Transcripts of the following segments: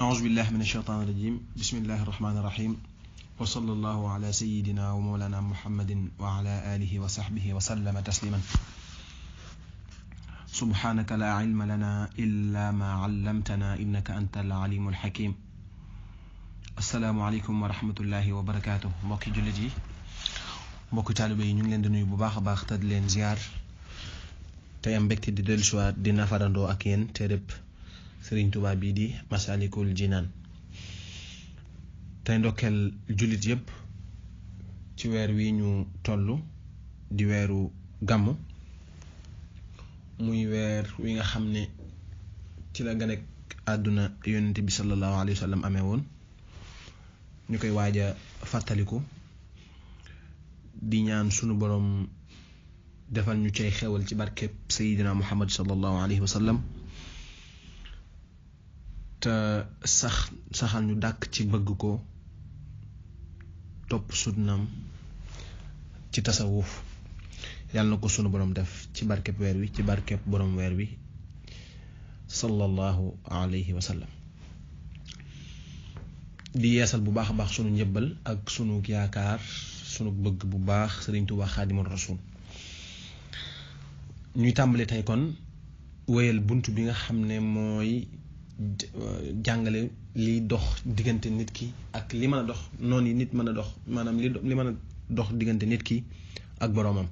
أعوذ بالله من الشيطان الرجيم بسم الله الرحمن الرحيم وصلى الله على سيدنا ومولانا محمد وعلى آله وصحبه وسلم تسليما سبحانك لا علم لنا إلا ما علمتنا إنك أنت العليم الحكيم السلام عليكم ورحمة الله وبركاته مكي جلجي mbokk تالبي yi لين دنيو بو باخ باخ تاد لين زيار تيام بكتي di leen ziar tey am mbégte di sëriñ tubaab bii di Masaalikul Jinaan tey ndokkeel jullit yépp ci weer wii ñu tollu di weeru gàmmu muy weer wi nga xam ne ci la gane àdduna yonent bi sallallahu alayhi wa amee woon ñu koy waaja fàttaliku di ñaan sunu boroom defal ñu cay xewal ci barkeb Seydina Muhammad sallallahu alayhi wa sallam te sax saxal ñu dàkk ci bëgg ko top sunnam ci tasawuf yalla nako sunu borom def ci barkeb weer wi ci barkeb borom weer wi sallallahu alayhi wa sallam di yeesal bu baax baax sunu ñeebal ak sunu yaakar sunu bëgg bu baax serigne touba khadimul Rasul ñuy tàmbali tay kon wëyel buntu bi nga xam moy jàngale li dox diggante nit ki ak li mën a dox noonu yi nit mën a dox maanaam li li mën a dox diggante nit ki ak boromam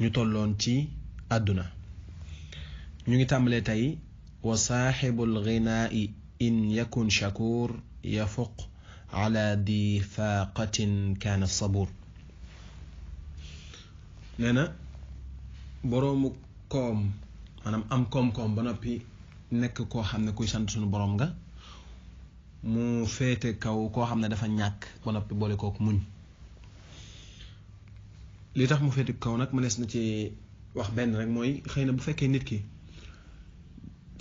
ñu tolloon ci àdduna ñu ngi tàmbalee tey wa saaxibul ghinaa'i in yakun shakur yafuq ala di faqatin kaana sabur nee na boroomu koom maanaam am koom-koom ba noppi nekk koo xam ne kuy sant suñu borom nga mu féete kaw koo xam ne dafa ñàkk ba noppi boole kook muñ li tax mu féete kaw nag mënees na ci wax benn rek mooy xëy na bu fekkee nit ki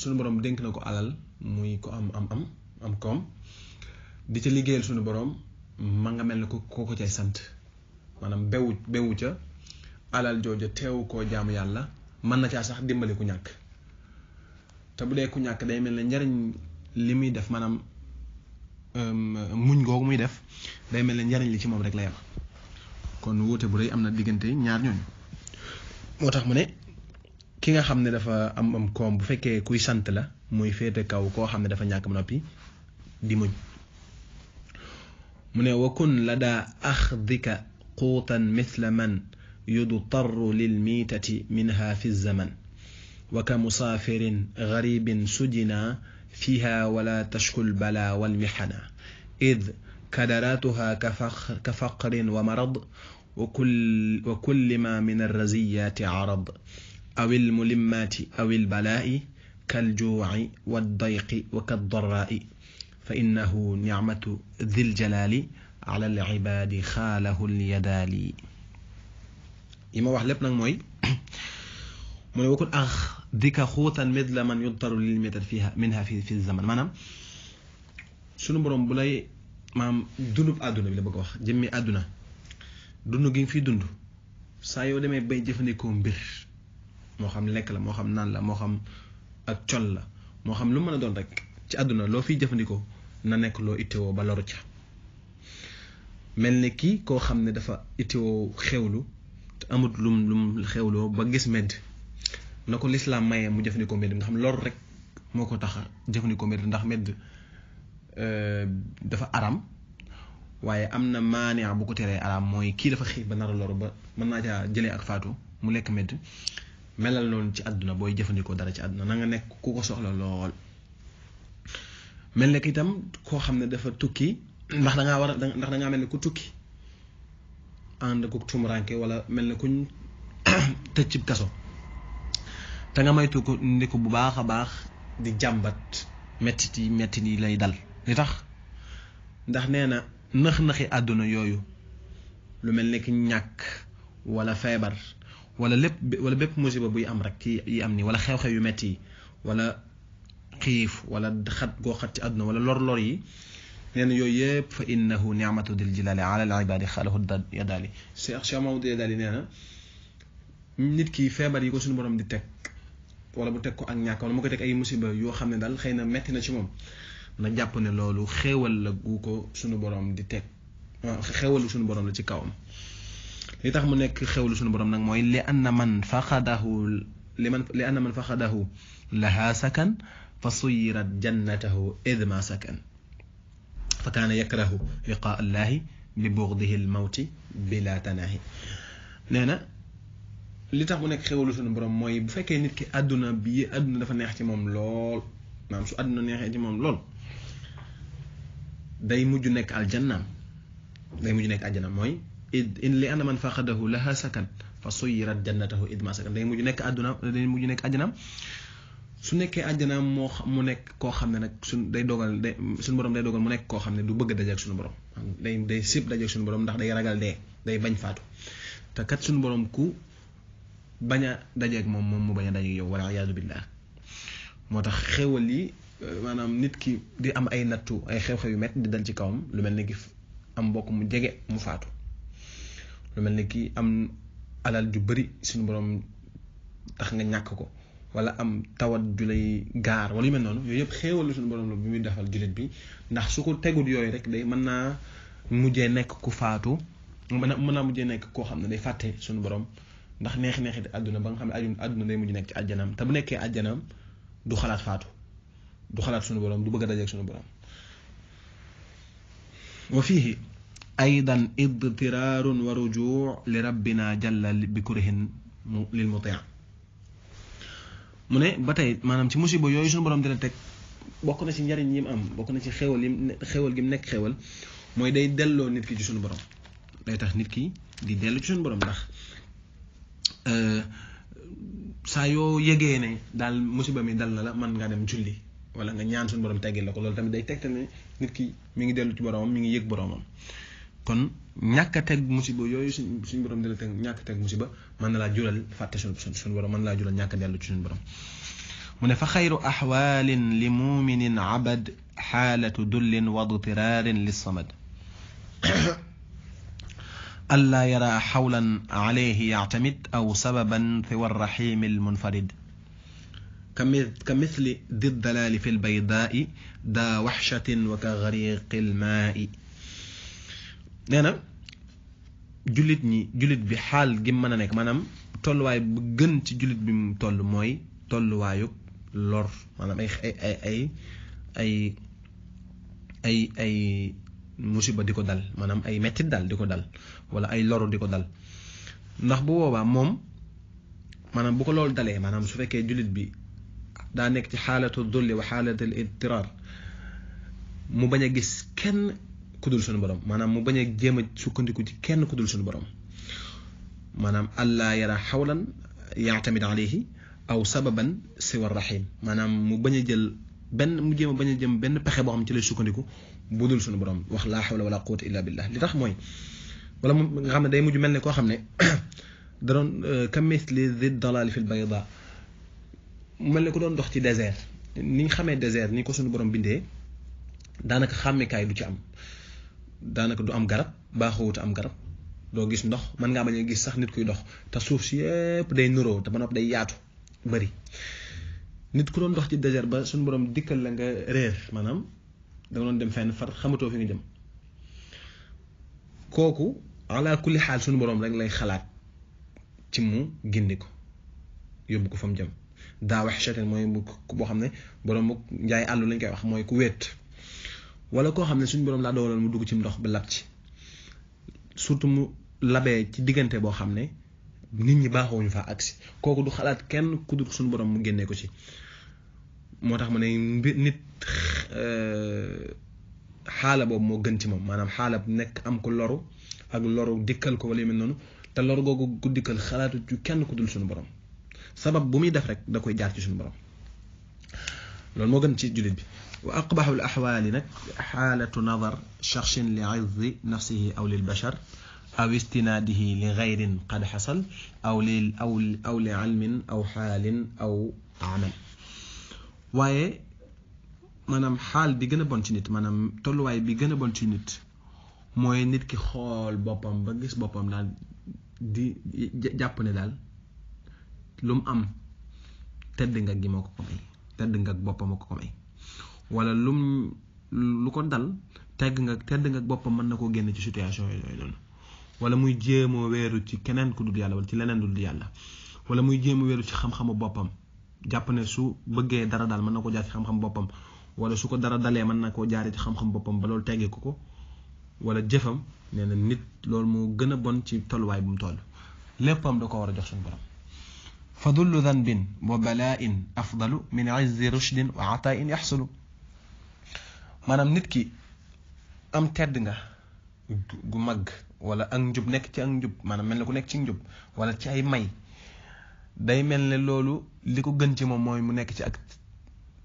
suñu borom dénk na ko alal muy ko am am am am koom di ca liggéeyal sunu boroom ma nga mel ne ko koo ko cay sant maanaam bewu bewu ca alal jooja teewu koo jaamu yàlla mën na caa sax dimbali ku ñàkk te bu dee ku ñàkk day mel na njariñ li muy def maanaam euh, muñ googu muy def day mel ne njariñ li ci moom rek la yem kon wuute bu rëy am na diggante ñaar ñooñu moo tax mu ne ki nga xam ne dafa am am koom bu fekkee kuy sant la muy féete kaw koo xam ne dafa ñàkk ba noppi di muñ mu ne wa kun la daa axdika quutan mithla man yudu tarru lil miitati minha fi zaman وكمسافر غريب سجنا فيها ولا تشكو البلا والمحنا إذ كدراتها كفقر ومرض وكل, وكل ما من الرزيات عرض أو الملمات أو البلاء كالجوع والضيق وكالضراء فإنه نعمة ذي الجلال على العباد خاله اليدالي إما واحد لبنان موي موي وكل أخ dika xuutan midla man yudtaru lil mitan fiha minaa fii fi zaman maanaam sunu borom bu lay maam dundub àdduna bi la bëgg wax jëmmi àdduna dund gi nga fiy dund saa yoo demee bay jëfandikoo mbir moo xam lekk la moo xam naan la moo xam ak col la moo xam lu mën a doon rek ci àdduna loo fiy jëfandikoo na nekk loo ittewoo ba loru ca mel ni kii koo xam ne dafa ittewoo xewlu te amut lum lum xewloo ba gis medd na Islam l'islam maye mu jëfandikoo mbedd nga xam loolu rek moo tax jëfandikoo mbedd ndax mbedd euh, dafa aram waaye am na maanea bu ko teree aram mooy kii dafa xiif ba nar a ba mën ak mu melal ci dara ci na nga nekk ku ko soxla lool mel nekk itam koo xam dafa tukki ndax da ngaa war ndax da ku tukki wala mel kuñ kaso te nga maytu ko ndiku bu baakha bax di jàmbat metti ti metti ni lay dal li tax ndax neena na nex aduna yoyu lu mel ki ñak wala febar wala lépp wala bépp musiba buy am rek ki yi am ni wala xew-xew yu metti wala xif wala xat go xat ci aduna wala lor-lor yi neena yoy yooyu fa innahu ni'matu dil jilali ala al ibadi khalahu yadali Cheikh Cheikh Mamadou Yadaali nee nit ki febar yi ko suñu borom di tek wala bu teg ko ak ñàkk wala mu ko teg ay musiba yoo xam ne daal xëy na metti na ci moom na jàpp ne loolu xéewal la gu ko suñu borom di teg xéewalu suñu borom la ci kawam li tax mu nekk xéewalu suñu borom nag mooy li anna man faqadahu li man li anna man faqadahu laha sakan fa suyirat jannatahu id ma sakan fa kaana yakrahu liqa allahi bi bughdihi al bila tanahi nee na li tax mu nek xewlu sunu borom moy bu fekke nit ki aduna bi aduna dafa neex ci mom lol manam su aduna neexee ci mom lol day muju nek aljanna day muju nek aljanna moy in li ana man faqadahu laha sakan fa suyirat jannatahu idma sakan day muju nek aduna day muju nek aljanna su nekkee aljanna mo mu nek ko xam nak sun day dogal day borom day dogal mu nek ko xam du bëgg ak sun borom day day sib ak sun borom ndax day ragal dee day bañ faatu ta kat sun borom ku bañ a dajeeg moom moom mu baña a dajeeg yow wala yaadu billah moo tax xéwal yi euh, maanaam nit ki di am ay nattu ay xew-xew yu met di dal ci kawam lu mel ni ki am mbokk mu jege mu faatu lu mel ni ki am alal ju bari suñu borom tax nga ñàkk ko wala am tawat ju lay gaar wala yu mel noonu yooyu yëpp xéewal suñu borom la bi muy defal jullit bi ndax su ko tegul yooyu rek day mën naa mujjee nekk ku faatu mën mën naa mujjee nekk koo xam ne day fàtte suñu borom ndax neex neex neexit àdduna ba nga xam ne àdduna day mujj nekk ci àjjanaam te bu nekkee àjjanaam du xalaat faatu du xalaat sunu borom du bëgg a dajeeg sunu borom wa fiihi aydan idtiraarun wa rujuu li rabbina jalla bi kurihin lil mutia mu ne ba tey maanaam ci musiba yooyu sunu borom dina teg bokk na ci njariñ yim am bokk na ci xewal yim xewal gi mu nekk xewal mooy day delloo nit ki ci sunu borom day tax nit ki di dellu ci sunu borom ndax saa yoo yëgee ne daal musiba mi dal na la mën ngaa dem julli wala nga ñaan suñu borom teggil la ko loolu tamit day tegtal ne nit ki mi ngi dellu ci boromam mi ngi yëg boromam kon ñàkk a teg musiba yooyu suñ suñ borom dina teg ñàkk a teg musiba mën na laa jural fàtte suñ suñ borom mën na laa jural ñàkk a dellu ci suñ borom mu ne fa xayru axwaalin li muuminin abad xaalatu dullin wa dutirarin lissamad ألا يرى حولا عليه يعتمد أو سببا ثوى الرحيم المنفرد كمثل ذي الدلال في البيضاء دا وحشة وكغريق الماء نانا نعم. جلدني جلد بحال جمنا نك منام تولوا بجنت جلد بم تولوا موي تولوا يك لور منام أي أي أي أي, أي, أي musiba diko dal manam ay metti dal diko dal wala ay loru diko dal ndax bu boobaa mom manam bu ko lol dalé manam su fekkee julit bi da nek ci halatu dhulli wa halatu al-ittirar mu baña gis kenn kudul suñu borom manam mu baña jema sukkandiku ci kenn kudul suñu borom manam alla yara hawlan yaatamid alayhi aw sababan siwa rahim manam mu baña jël ben mu jema baña jëm ben pexe bo xam ci lay sukkandiku budul suñu borom wax la hawla wala quwwata illa billah li tax moy wala nga xamne day muju melni ko xamne da don kamis li zid dalal fil bayda melni ko don dox ci désert ni nga xamé désert ni ko suñu borom danaka xamé kay du ci am danaka du am garab baaxawut am garab do gis ndox man nga bañu gis sax nit kuy dox ta suuf ci yëpp day nuroo ta ba day yaatu bari nit ku doon dox ci désert ba suñu borom dikkal la nga réer manam da nga doon dem fenn far xamatoo fi nga jëm kooku ala kulli xaal suñu boroom rek lay xalaat ci mu gindi ko yóbbu ko fa mu jëm daa wax chatan mooy boo xam ne boroom njaay àllu lañ koy wax mooy ku wéet wala koo xam ne suñu boroom laa dooloon mu dugg ci ndox ba lab ci surtout mu labee ci diggante boo xam ne nit ñi baaxoowuñu faa agsi kooku du xalaat kenn ku dul suñu boroom mu génnee ko ci moo tax ma ne mbir nit xaala boobu moo gën ci moom maanaam xaala nekk am ko loru ak loru dikkal ko wala yu mel noonu te loru googu gu dikkal xalaatu ci kenn ku dul suñu borom sabab bu muy def rek da koy jaar ci suñu borom loolu moo gën ci julit bi wa aqbaxu l axwaali nag xaalatu nadar shaxsin li izzi nafsihi aw lil bachar أو استناده لغير قد حصل أو, لل أو, أو لعلم أو حال أو عمل waaye maanaam xaal bi gën a bon ci nit maanaam tolluwaay bi gën a bon ci nit mooy nit ki xool boppam ba gis boppam daal di jàpp ne daal lu mu am tedd nga gi moo ko ko may tedd nga boppam moo ko ko may wala lum lu ko dal tegg nga tedd nga boppam mën na koo génn ci situation yooyu noonu wala muy jéemoo weeru ci keneen ku dul yàlla wala ci leneen dul yàlla wala muy jéem a weeru ci xam-xamu boppam jàpp su bëgge dara dal man nako jaar ci xam-xam bopam wala su ko dara dalé man nako jaar ci xam-xam bopam ba lol téggé ko wala jëfam néna nit lol mo gëna bon ci way bu mu toll léppam da ko wara jox sun borom fa dhanbin wa bala'in afdalu min izzi rushdin wa 'ata'in yahsulu manam nit ki am tedd nga gu mag wala ak njub nek ci ak njub manam melni ku nek ci njub wala ci ay may day mel ne loolu li ko gën ci moom mooy mu nekk ci ak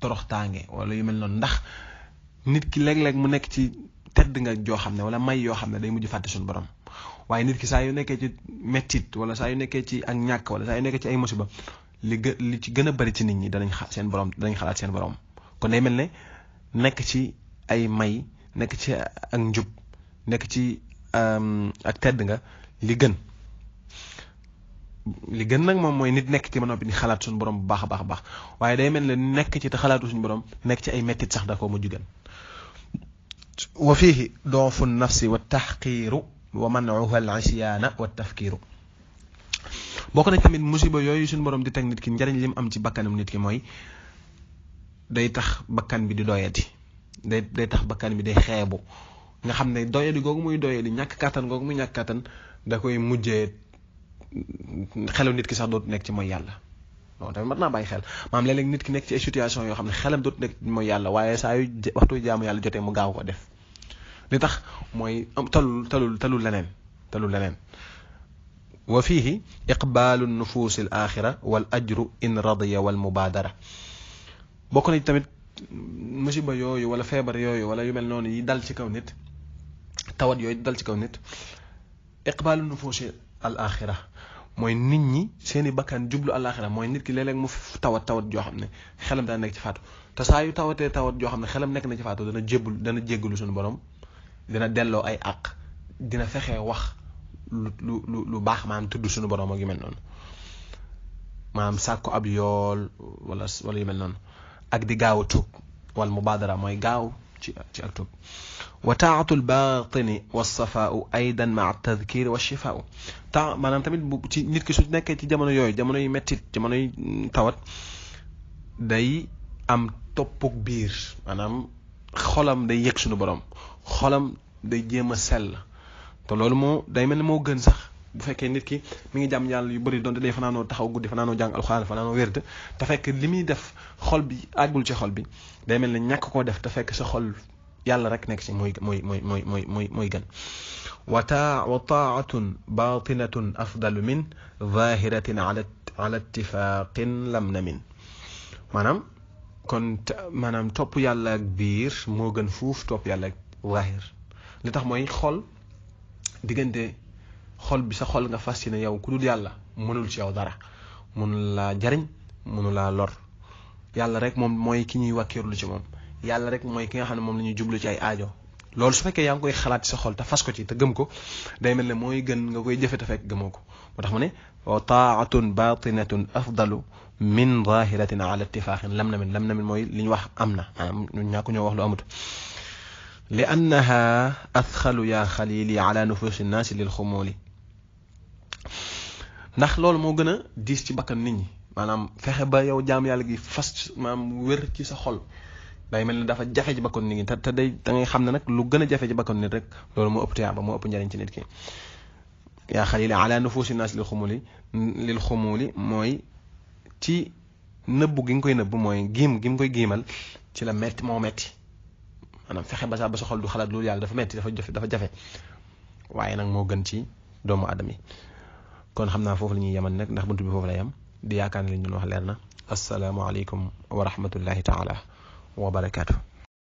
toroxtaange wala yu mel noonu ndax nit ki léeg-léeg mu nekk ci tedd nga joo xam ne wala may yoo xam ne day mujj fàtte suñu borom waaye nit ki saa yu nekkee ci mettit wala saa yu nekkee ci ak ñàkk wala saa yu nekkee ci ay musiba li gë li ci gën a bari ci nit ñi danañ xa seen borom danañ xalaat seen borom kon day mel ne nekk ci ay may nekk ci ak njub nekk ci euh, ak tedd nga li gën. li gën nag moom mooy nit nekk ci ba noppi di xalaat suñu borom bu baax a baax baax waaye day mel ne nekk ci te xalaatu suñu borom nekk ci ay mettit sax da ko mujj gën wa fihi doofu nafsi wa tahqiru wa manuha al isyana wa tafkiru bokk na tamit musiba yooyu suñu borom di teg nit ki njariñ lim am ci bakkanam nit ki mooy day tax bakkan bi di doyati day day tax bakkan bi day xeebu nga xam ne doyadi googu muy doyadi ñàkk kàttan googu muy ñàkk kàttan da koy mujjee xelu nit ki sax doot nekk ci moy yàlla loolu tamit mat naa bàyyi xel maam léeg-léeg nit ki nekk ci ay situation yoo xam ne xelam doot nekk moy yàlla waaye saa yu waxtu jaamu yàlla jotee mu gaaw ko def li tax mooy am talul talul talul leneen talul leneen wa fihi iqbalu nufus al akhira wal ajru in radiya wal mubadara bokk na tamit musiba yooyu wala feebar yooyu wala yu mel noonu yi dal ci kaw nit tawat yooyu dal ci kaw nit iqbalu nufus al axira mooy nit ñi seen i bakkan jublu àllaaxira mooy nit ki léeg-léeg mu tawat tawat joo xam ne xelam daan nekk ci faatu te saa yu tawatee tawat joo xam ne xelam nekk na ci faatu dana jébbul dana jéggalu suñu borom dina delloo ay àq dina fexe wax lu lu lu baax maanaam tudd suñu borom ak yu mel noonu maanaam sàkku ab yool wala wala yu mel noonu ak di gaaw a tuub wala mubaadara mooy gaaw ci ci ak tuub وطاعة الباطن والصفاء أيضا مع التذكير والشفاء تا ما نتمد نيت كي سوتنا كي جامونو يوي جامونو يمتي جامونو تاوات داي ام توبوك بير مانام خولم داي ييك سونو بروم خولم داي جيما سيل تا لول مو داي مل مو گن صاح بو فكي نيت كي ميغي جام يال يو بري دون داي فنانو تاخاو گودي فنانو جان القران فنانو ويرد تا فك ليمي ديف خول بي اغول داي مل نياك كو ديف تا فك سا yàlla rek nekk ci mooy mooy mooy mooy mooy mooy mooy gën wa taa wa taatun batinatun afdalu min zahiratin ala ala ittifaqin lam na min maanaam kon maanaam topp yàlla ak biir moo gën fuuf topp yàlla ak zahir li tax mooy xol diggante xol bi sa xol nga fas yéene yow ku dul yàlla mënul ci yow dara mënul laa jariñ mënul laa lor yàlla rek moom mooy ki ñuy wàkkiirlu ci moom yàlla rek moy ki nga xamne mom moom djublu ci ay aajo lolou su fekke yang koy xalat sa xol ta fas ko ci te gëm ko day melne moy gën nga koy jëfe ta fek gemoko motax moo wa taatun batinatun afdalu min zahiratin ala ittifaqin lamna min lamna min moy liñ wax amna ñu maanaam ñoo wax lu amut li annaha adxalu yaa xalili ala nufusi nnaasi lil xumuuli ndax loolu moo gën a diis ci bakkan nit ñi maanaam fexe ba yow jaam yàlla gi fas maanaam wér ci sa xol day melni dafa jaxé ci bakon nit ñi te day da ngay xamné nak lu gëna jaxé ci bakon nit rek loolu mo ëpp tiyaba mo ëpp njariñ ci nit ki ya khalil ala nufuusi nas lil khumuli lil khumuli moy ci neub gi nga koy neub moy gim gi nga koy gimal ci la metti mo metti manam fexe ba sa ba xol du xalat lu yàlla dafa metti dafa jofé dafa jafe waye nak mo gën ci doomu aadama yi kon xamna fofu lañuy yamal nak ndax buntu bi fofu la yam di yaakaar ne li ñu wax leer na alaykum wa rahmatullahi taala wa barakaatu.